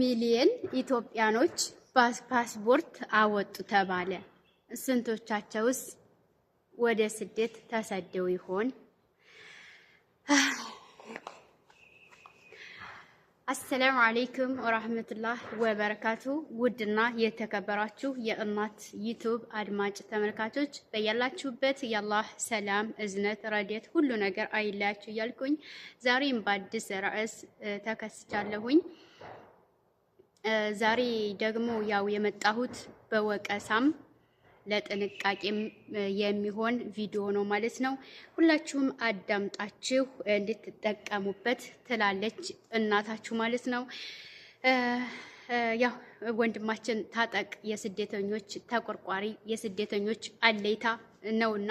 ሚሊየን ኢትዮጵያኖች ፓስፖርት አወጡ ተባለ። ስንቶቻቸውስ ወደ ስደት ተሰደው ይሆን? አሰላሙ አለይኩም ወራህመቱላህ ወበረካቱ። ውድና የተከበራችሁ የእናት ዩቱብ አድማጭ ተመልካቾች በያላችሁበት የአላህ ሰላም፣ እዝነት፣ ረዴት ሁሉ ነገር አይለያችሁ እያልኩኝ ዛሬም በአዲስ ርዕስ ተከስቻለሁኝ። ዛሬ ደግሞ ያው የመጣሁት በወቀሳም ለጥንቃቄም የሚሆን ቪዲዮ ነው ማለት ነው። ሁላችሁም አዳምጣችሁ እንድትጠቀሙበት ትላለች እናታችሁ ማለት ነው። ያው ወንድማችን ታጠቅ የስደተኞች ተቆርቋሪ የስደተኞች አለይታ ነው እና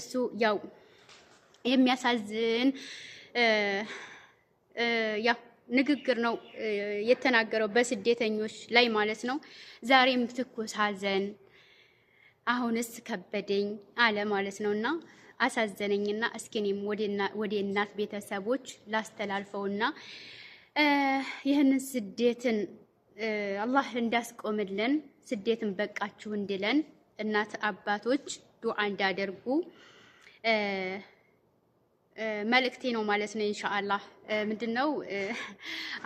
እሱ ያው የሚያሳዝን ያው ንግግር ነው የተናገረው በስደተኞች ላይ ማለት ነው። ዛሬም ትኩስ ሐዘን አሁንስ ከበደኝ አለ ማለት ነው እና አሳዘነኝና እስኪኔም ወደ እናት ቤተሰቦች ላስተላልፈውና ይህንን ስደትን አላህ እንዳስቆምልን ስደትን በቃችሁ እንድለን እናት አባቶች ዱዓ እንዳደርጉ መልእክቴ ነው ማለት ነው። ኢንሻአላህ ምንድነው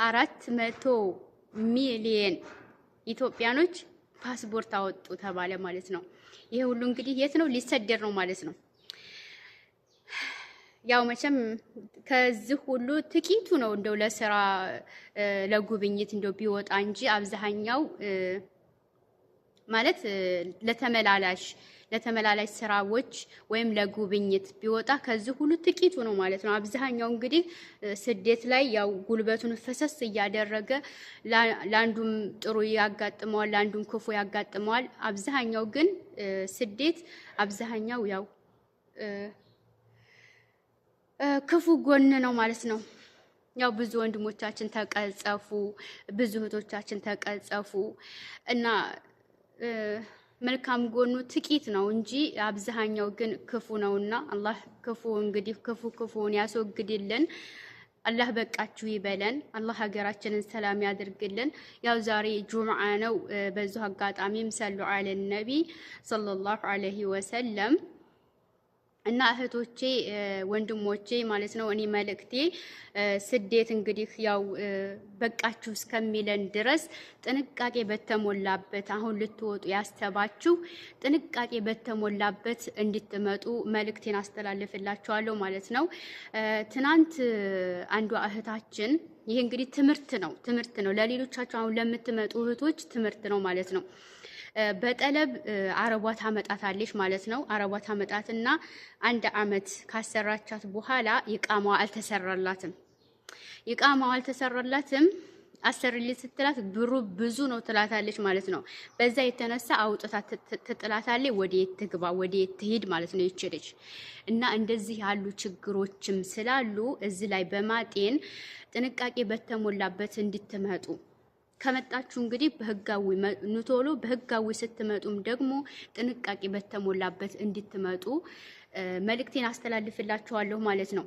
አራት መቶ ሚሊየን ኢትዮጵያኖች ፓስፖርት አወጡ ተባለ ማለት ነው። ይሄ ሁሉ እንግዲህ የት ነው ሊሰደር ነው ማለት ነው። ያው መቼም ከዚህ ሁሉ ጥቂቱ ነው እንደው ለስራ ለጉብኝት እንደው ቢወጣ እንጂ አብዛኛው ማለት ለተመላላሽ ለተመላላሽ ስራዎች ወይም ለጉብኝት ቢወጣ ከዚህ ሁሉ ጥቂቱ ነው ማለት ነው። አብዛኛው እንግዲህ ስደት ላይ ያው ጉልበቱን ፈሰስ እያደረገ ለአንዱም ጥሩ ያጋጥመዋል፣ ለአንዱም ክፉ ያጋጥመዋል። አብዛኛው ግን ስደት አብዛኛው ያው ክፉ ጎን ነው ማለት ነው። ያው ብዙ ወንድሞቻችን ተቀጸፉ፣ ብዙ እህቶቻችን ተቀጸፉ እና መልካም ጎኑ ጥቂት ነው እንጂ አብዛኛው ግን ክፉ ነውና አላህ ክፉ እንግዲህ ክፉ ክፉን ያስወግድልን። አላህ በቃችሁ ይበለን። አላህ ሀገራችንን ሰላም ያድርግልን። ያው ዛሬ ጁምዓ ነው። በዚሁ አጋጣሚም ሰሉ አለ ነቢ ሰለላሁ አለይሂ ወሰለም እና እህቶቼ ወንድሞቼ ማለት ነው እኔ መልእክቴ ስደት እንግዲህ ያው በቃችሁ እስከሚለን ድረስ ጥንቃቄ በተሞላበት አሁን ልትወጡ ያስተባችሁ ጥንቃቄ በተሞላበት እንድትመጡ መልእክቴን አስተላልፍላችኋለሁ ማለት ነው። ትናንት አንዷ እህታችን ይሄ እንግዲህ ትምህርት ነው፣ ትምህርት ነው ለሌሎቻችሁ አሁን ለምትመጡ እህቶች ትምህርት ነው ማለት ነው። በጠለብ አረቧ ታመጣታለች ማለት ነው። አረቧ ታመጣትና አንድ አመት ካሰራቻት በኋላ ይቃማዋ አልተሰራላትም። ይቃማዋ አልተሰራላትም። አሰርልኝ ስትላት ብሩ ብዙ ነው ትላታለች ማለት ነው። በዛ የተነሳ አውጥታ ትጥላታለች። ወዴት ትግባ ወዴት ትሄድ ማለት ነው ይችልች እና እንደዚህ ያሉ ችግሮችም ስላሉ እዚህ ላይ በማጤን ጥንቃቄ በተሞላበት እንድትመጡ ከመጣችሁ እንግዲህ በህጋዊ ኑቶሎ በህጋዊ ስትመጡም ደግሞ ጥንቃቄ በተሞላበት እንድትመጡ መልእክቴን አስተላልፍላችኋለሁ ማለት ነው።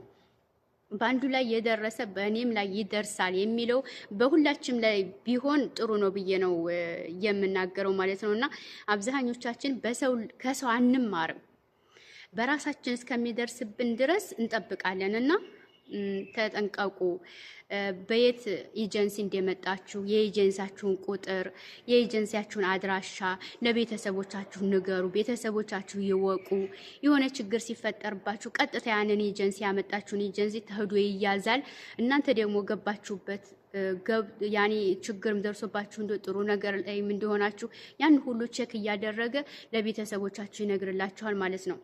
በአንዱ ላይ የደረሰ በእኔም ላይ ይደርሳል የሚለው በሁላችም ላይ ቢሆን ጥሩ ነው ብዬ ነው የምናገረው ማለት ነው። እና አብዛኞቻችን በሰው ከሰው አንማርም፣ በራሳችን እስከሚደርስብን ድረስ እንጠብቃለን እና ተጠንቀቁ። በየት ኤጀንሲ እንደመጣችሁ የኤጀንሲያችሁን ቁጥር፣ የኤጀንሲያችሁን አድራሻ ለቤተሰቦቻችሁ ንገሩ። ቤተሰቦቻችሁ ይወቁ። የሆነ ችግር ሲፈጠርባችሁ ቀጥታ ያንን ኤጀንሲ ያመጣችሁን ኤጀንሲ ተህዶ ይያዛል። እናንተ ደግሞ ገባችሁበት ያኔ ችግርም ደርሶባችሁ እንደ ጥሩ ነገር ላይም እንደሆናችሁ ያን ሁሉ ቼክ እያደረገ ለቤተሰቦቻችሁ ይነግርላችኋል ማለት ነው።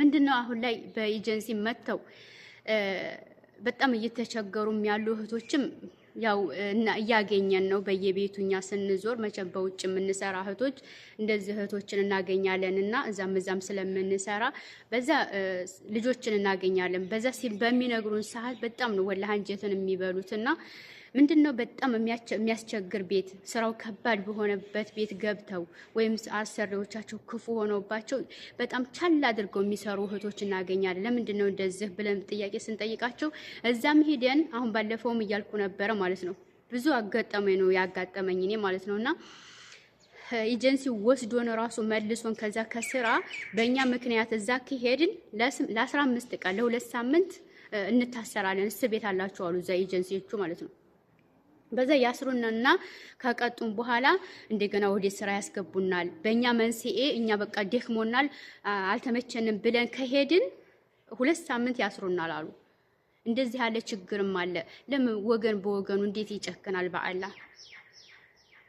ምንድነው አሁን ላይ በኤጀንሲ መጥተው በጣም እየተቸገሩም ያሉ እህቶችም ያው እና እያገኘን ነው በየቤቱ እኛ ስንዞር መቼም በውጭ የምንሰራ እህቶች እንደዚህ እህቶችን እናገኛለን እና እዛም እዛም ስለምንሰራ በዛ ልጆችን እናገኛለን። በዛ ሲል በሚነግሩን ሰዓት በጣም ነው ወላሂ አንጀትን የሚበሉት እና ምንድን ነው በጣም የሚያስቸግር ቤት ስራው ከባድ በሆነበት ቤት ገብተው ወይም አሰሪዎቻቸው ክፉ ሆነውባቸው በጣም ቻል አድርገው የሚሰሩ እህቶች እናገኛለን። ለምንድን ነው እንደዚህ ብለን ጥያቄ ስንጠይቃቸው እዛም ሄደን አሁን ባለፈውም እያልኩ ነበረ ማለት ነው ብዙ አጋጠመኝ ነው ያጋጠመኝ እኔ ማለት ነው እና ኤጀንሲ ወስዶን ራሱ መልሶን ከዛ ከስራ በእኛ ምክንያት እዛ ከሄድን ለ15 ቀን ለሁለት ሳምንት እንታሰራለን። እስር ቤት አላቸው አሉ እዛ ኤጀንሲዎቹ ማለት ነው። በዛ ያስሩንና ከቀጡን በኋላ እንደገና ወደ ስራ ያስገቡናል። በእኛ መንስኤ እኛ በቃ ደክሞናል፣ አልተመቸንም ብለን ከሄድን ሁለት ሳምንት ያስሩናል አሉ። እንደዚህ ያለ ችግርም አለ። ለምን ወገን በወገኑ እንዴት ይጨክናል? በአላህ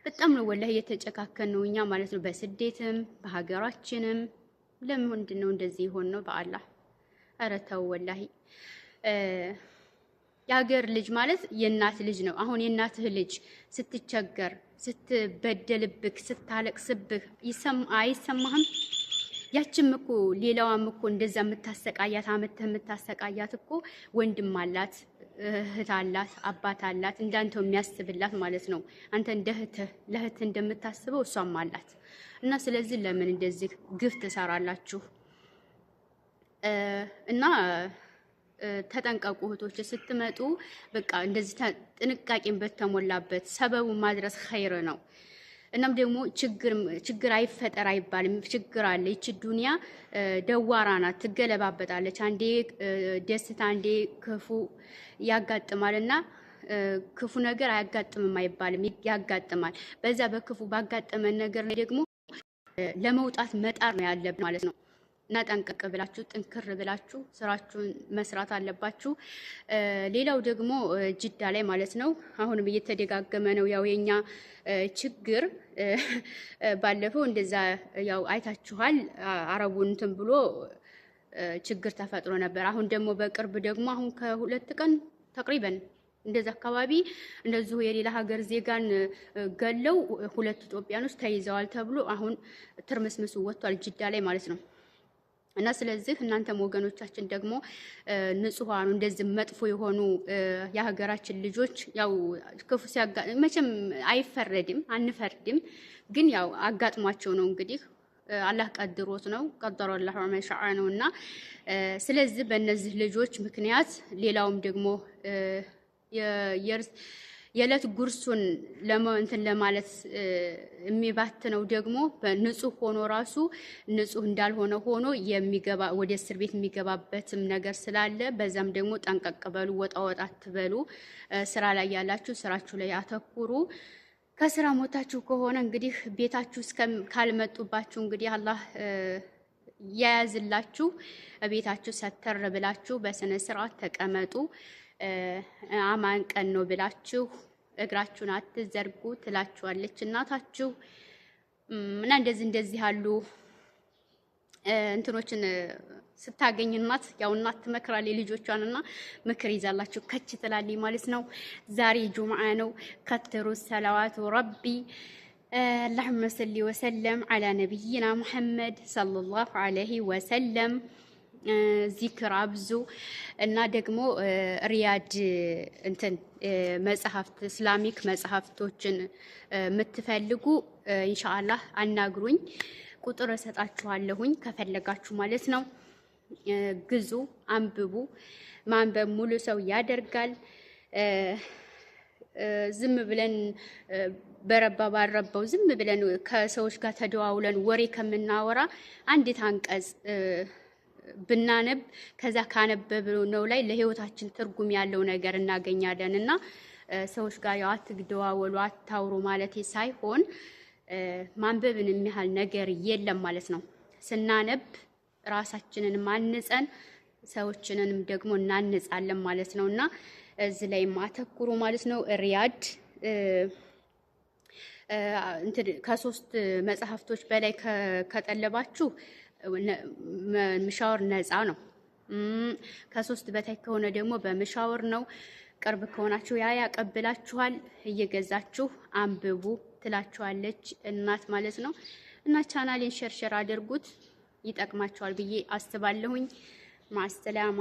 በጣም ነው ወላህ እየተጨካከን ነው እኛ ማለት ነው። በስደትም በሀገራችንም ለምንድን ነው እንደዚህ የሆን ነው? በአላህ ኧረ ተው የሀገር ልጅ ማለት የእናት ልጅ ነው። አሁን የእናትህ ልጅ ስትቸገር፣ ስትበደልብህ፣ ስታለቅስብህ አይሰማህም? ያችም እኮ ሌላዋም እኮ እንደዛ የምታሰቃያት አመትህ የምታሰቃያት እኮ ወንድም አላት፣ እህት አላት፣ አባት አላት፣ እንዳንተው የሚያስብላት ማለት ነው። አንተ እንደ እህትህ ለእህት እንደምታስበው እሷም አላት። እና ስለዚህ ለምን እንደዚህ ግፍ ትሰራላችሁ? እና ተጠንቀቁ እህቶች፣ ስትመጡ በቃ እንደዚህ ጥንቃቄን በተሞላበት ሰበቡ ማድረስ ኸይር ነው። እናም ደግሞ ችግር አይፈጠር አይባልም። ችግር አለ። ይቺ ዱኒያ ደዋራ ናት፣ ትገለባበጣለች። አንዴ ደስታ፣ አንዴ ክፉ ያጋጥማል እና ክፉ ነገር አያጋጥምም አይባልም፣ ያጋጥማል። በዛ በክፉ ባጋጠመን ነገር ላይ ደግሞ ለመውጣት መጣር ነው ያለብን ማለት ነው። ነጠንቀቅ ብላችሁ ጥንክር ብላችሁ ስራችሁን መስራት አለባችሁ። ሌላው ደግሞ ጅዳ ላይ ማለት ነው፣ አሁንም እየተደጋገመ ነው። ያው የኛ ችግር ባለፈው እንደዛ ያው አይታችኋል፣ አረቡንትን እንትን ብሎ ችግር ተፈጥሮ ነበር። አሁን ደግሞ በቅርብ ደግሞ አሁን ከሁለት ቀን ተቅሪበን እንደዛ አካባቢ እንደዚሁ የሌላ ሀገር ዜጋን ገለው ሁለት ኢትዮጵያኖች ተይዘዋል ተብሎ አሁን ትርምስምሱ ወጥቷል ጅዳ ላይ ማለት ነው። እና ስለዚህ እናንተም ወገኖቻችን ደግሞ ንጹሃኑ እንደዚህ መጥፎ የሆኑ የሀገራችን ልጆች ያው ክፉ መቼም አይፈረድም፣ አንፈርድም። ግን ያው አጋጥሟቸው ነው እንግዲህ አላህ ቀድሮት ነው ቀደሮ አላህ መሻአ ነው። እና ስለዚህ በእነዚህ ልጆች ምክንያት ሌላውም ደግሞ የርስ የዕለት ጉርሱን እንትን ለማለት የሚባትነው ደግሞ ንጹህ ሆኖ ራሱ ንጹህ እንዳልሆነ ሆኖ የሚገባ ወደ እስር ቤት የሚገባበትም ነገር ስላለ በዛም ደግሞ ጠንቀቅ በሉ፣ ወጣ ወጣ ትበሉ። ስራ ላይ ያላችሁ ስራችሁ ላይ አተኩሩ። ከስራ ሞታችሁ ከሆነ እንግዲህ ቤታችሁ ካልመጡባችሁ እንግዲህ አላህ የያዝላችሁ ቤታችሁ ሰተር ብላችሁ በስነ ስርዓት ተቀመጡ። አማን ቀን ነው ብላችሁ እግራችሁን አትዘርጉ ትላችኋለች እናታችሁ እና እንደዚህ እንደዚህ ያሉ እንትኖችን ስታገኝ እናት ያው እናት ትመክራለች ልጆቿን እና ምክር ይዛላችሁ ከች ትላለች ማለት ነው። ዛሬ ጁምዓ ነው። ከትሩ ሰላዋቱ ረቢ አላሁመ ሰሊ ወሰለም አላ ነቢይና ሙሐመድ ሰለላሁ አለይሂ ወሰለም ዚክር አብዙ እና ደግሞ ሪያድ እንትን መጽሐፍት እስላሚክ መጽሐፍቶችን የምትፈልጉ ኢንሻአላህ አናግሩኝ። ቁጥር እሰጣችኋለሁኝ ከፈለጋችሁ ማለት ነው። ግዙ፣ አንብቡ። ማንበብ ሙሉ ሰው ያደርጋል። ዝም ብለን በረባ ባረባው ዝም ብለን ከሰዎች ጋር ተደዋውለን ወሬ ከምናወራ አንዲት አንቀጽ ብናነብ ከዛ ካነበብነው ላይ ለህይወታችን ትርጉም ያለው ነገር እናገኛለን። እና ሰዎች ጋር ያው አትግደዋወሉ፣ አታውሩ ማለት ሳይሆን ማንበብን የሚያህል ነገር የለም ማለት ነው። ስናነብ ራሳችንን ማንጸን ሰዎችንንም ደግሞ እናንጻለን ማለት ነው። እና እዚህ ላይ ማተኩሩ ማለት ነው። ሪያድ ከሶስት መጽሐፍቶች በላይ ከጠለባችሁ ምሻወር ነፃ ነው። ከሶስት በታች ከሆነ ደግሞ በምሻወር ነው። ቅርብ ከሆናችሁ ያ ያቀብላችኋል። እየገዛችሁ አንብቡ ትላችኋለች እናት ማለት ነው። እና ቻናሌን ሸርሸር አድርጉት፣ ይጠቅማችኋል ብዬ አስባለሁኝ። ማስተላማ